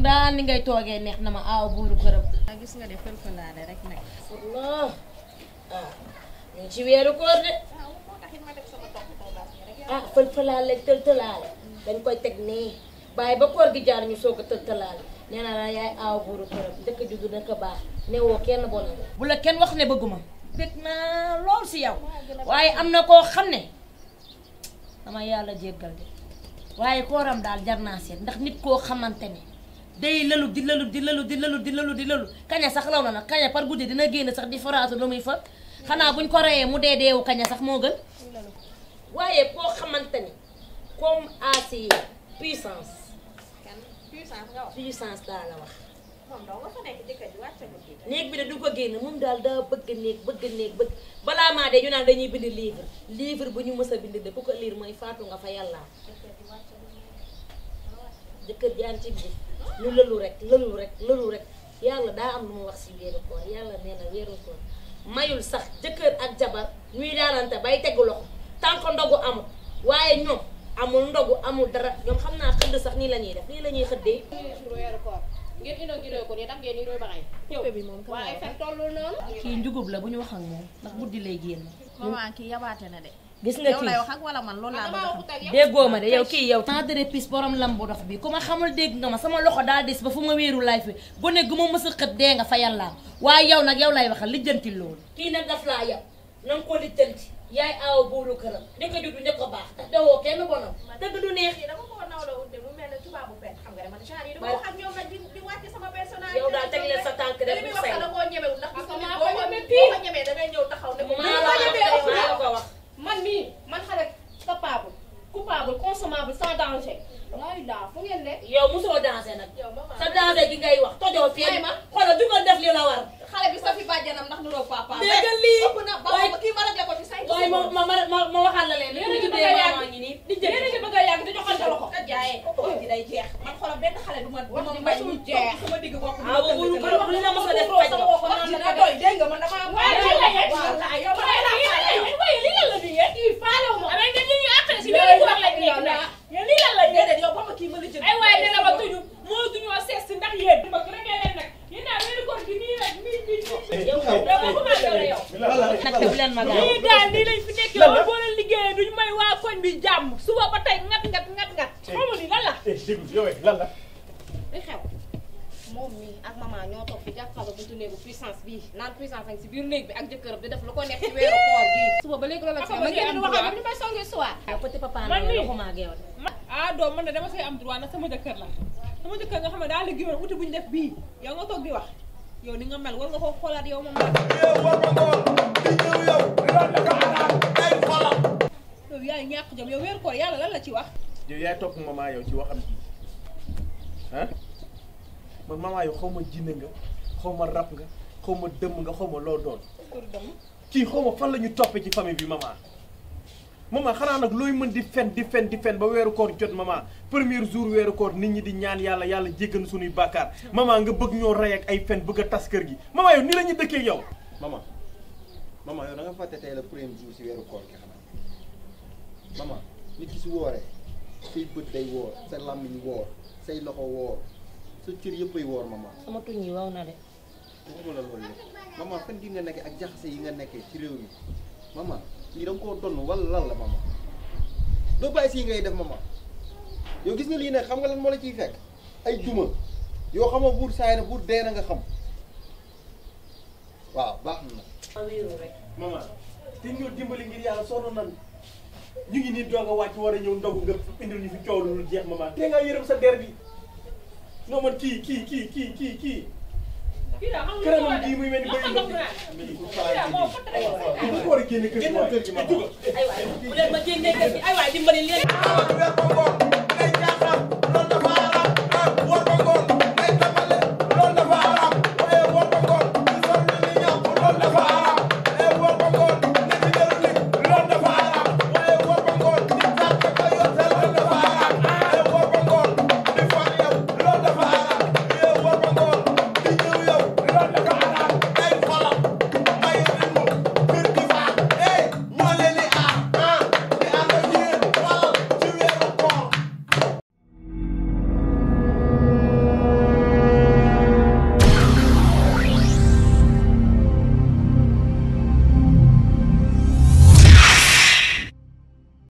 man daal ni ngay toogee neex na ma aaw buuru kërëm gis nga rek Allah ah ñu ci koor de ah fël-fëlaale tël-tëlaale dañ koy teg nii bàyyi ba koor gi jaar ñu soog a tël-tëlaale la yaay kërëm juddu kenn bon bu la kenn wax ne bëgguma bég naa lool si yow waaye am na koo xam ne ya, jéggal de waaye kooram daal jar day lalu di lalu di lalu di lalu di lalu di lalu kaña sax law na nag kaña par guddi dina génn sax di faratu lu muy fa xanaa buñ ko reyee mu dee deewu kaña sax moo gën waaye koo xamante ni comme assez puissance puissance daa la wax néeg bi de du ko génn moom daal daa bëgg néeg bëgg néeg bëgg balaa maa dee ñu naan dañuy bind livre livre bu ñu mës a bind de ku ko liir mooy faatu nga fa yàlla jëkkër ji ànd ci biir ñu lëlu rek lëlu rek lëlu rek yàlla daa am lu mu wax si weeru koor yàlla nee weeru koor mayul sax jëkkër ak jabar ñuy laalante bay teggu loxo tànk ndogu amul waaye ñoom amul ndogu amul dara ñoom xam naa xëdd sax nii la ñuy def nii la ñuy xëddee. ngeen indoo gindoo ko nii tax ngeen indoo ba ay. ñëw bi moom kii njugub la bu ñu wax ak moom ndax buddi lay génn. maman kii yabaate na de. gis nga kii ah, déggoo ma de yow kii yow temps de repis borom lam bu dof bi ku ma xamul dégg nga ma sama loxo daal des ba fu ma wéeru laay fi gone gu ma mës a xët dee nga fa yàllaam waaye yow nag yow lay waxal lijjanti loolu kii nag daf laa yab nanga ko lijjanti yaay aaw buuru këram ni ko juddu ni ko baax tax dawoo kenn bonam dëgg du neex yi dama ko nawloo de mu mel ne tubaabu benn xam nga man genre yi dama wax ak ñoom nag di wàcc sama personnalité yow daal teg leen sa xoolal jugal def li la war. xale bi sa fi bàjjanam ndax nuroo papa. dégg nga lii waaye kii ma rajo ko fi say. waaye ma ma ma ma waxal la leen. yéen a ngi bëgg a yàgg di jënd yéen a ngi bëgg a yàgg di joxante loxo. ka jaayee wax ji day jeex. man xoolal benn xale du ma du ma mbay mu jeex. sama digg bopp bi ma tënk tënk wax li la mos a def kañ la. wax ji na doy dégg nga man damaa. waaye lii la yegg wallaahi yow man laa faale. waaye lii la la di yegg. kii faale wu ma. nag bu leen ma gaaw lii daal nii lañ fi nekkee woon boo leen liggéeyee duñ may waa koñ bi jàmm suba ba tey ngat ngat ngat ngat xamu ni lan la lan la li xew moom mii ak maman ñoo toog fi jàkkaarloo buntu néegu puissance bii naan puissance ak si biir néeg bi ak jëkkëram di def lu ko neex ci weeru koor bi suba ba léegi loolu la ma ngi am droit ni may songee soir petit papa man mii waxuma ak yow ah doom man ne dama say am droit nag sama jëkkër la sama jëkkër nga xam ne daa liggéeyoon uti buñu def bii yow nga toog di wax yow ni nga mel war nga ko xoolaat yow moom la. yow war nga ko di ñëw yow. loolu la ko alaal day xoolal. yow yaay ñàkk jom yow weer koor yàlla lan la ci wax. yow yaay topp maman yow ci waxam ji ah man maman yow xaw ma jinne nga xaw ma rab nga xaw ma dëmm nga xaw ma loo doon. kii xaw ma fan la ñu toppee ci famille bi maman. maman xanaa nag looy mën di fen di fen di fen ba weeru koor jot maman premier jour weeru koor nit ñi di ñaan yàlla yàlla jéggal suñuy bàkkaar maman nga bëgg ñoo rey ak ay fen bëgg a tas kër gi maman yow ni la ñuy dëkkee yow. maman maman yow da nga fàtte tey la premier jour si weeru koor gi xanaa maman nit ki si wooree say bët day woor sa làmmiñ woor say loxo woor sa cër yëppay woor maman. sama tuñ yi waw na de. waxuma la loolu lépp maman fan nga nekkee ak jaxase yi nga nekkee ci réew mi lii dang ko don walal la mama do bay si ngay def mama yow gis nga li nag xam nga lan mo la ci fek ay djuma yo xamoo buur saay na buur dee na nga xam waaw baax na. mama te ñu dimbali ngir yalla sonu nan ñu ngi ni doga wacc wara ñew ndog nga indil ñu fi coow lu jeex mama te nga yërëm sa derbi no man ki ki ki ki ki kii. këramam gii muy mel ni béy mi ko war a génne kër gi ma. aywa bu leen ma génne kër gi aywa dimbali leen.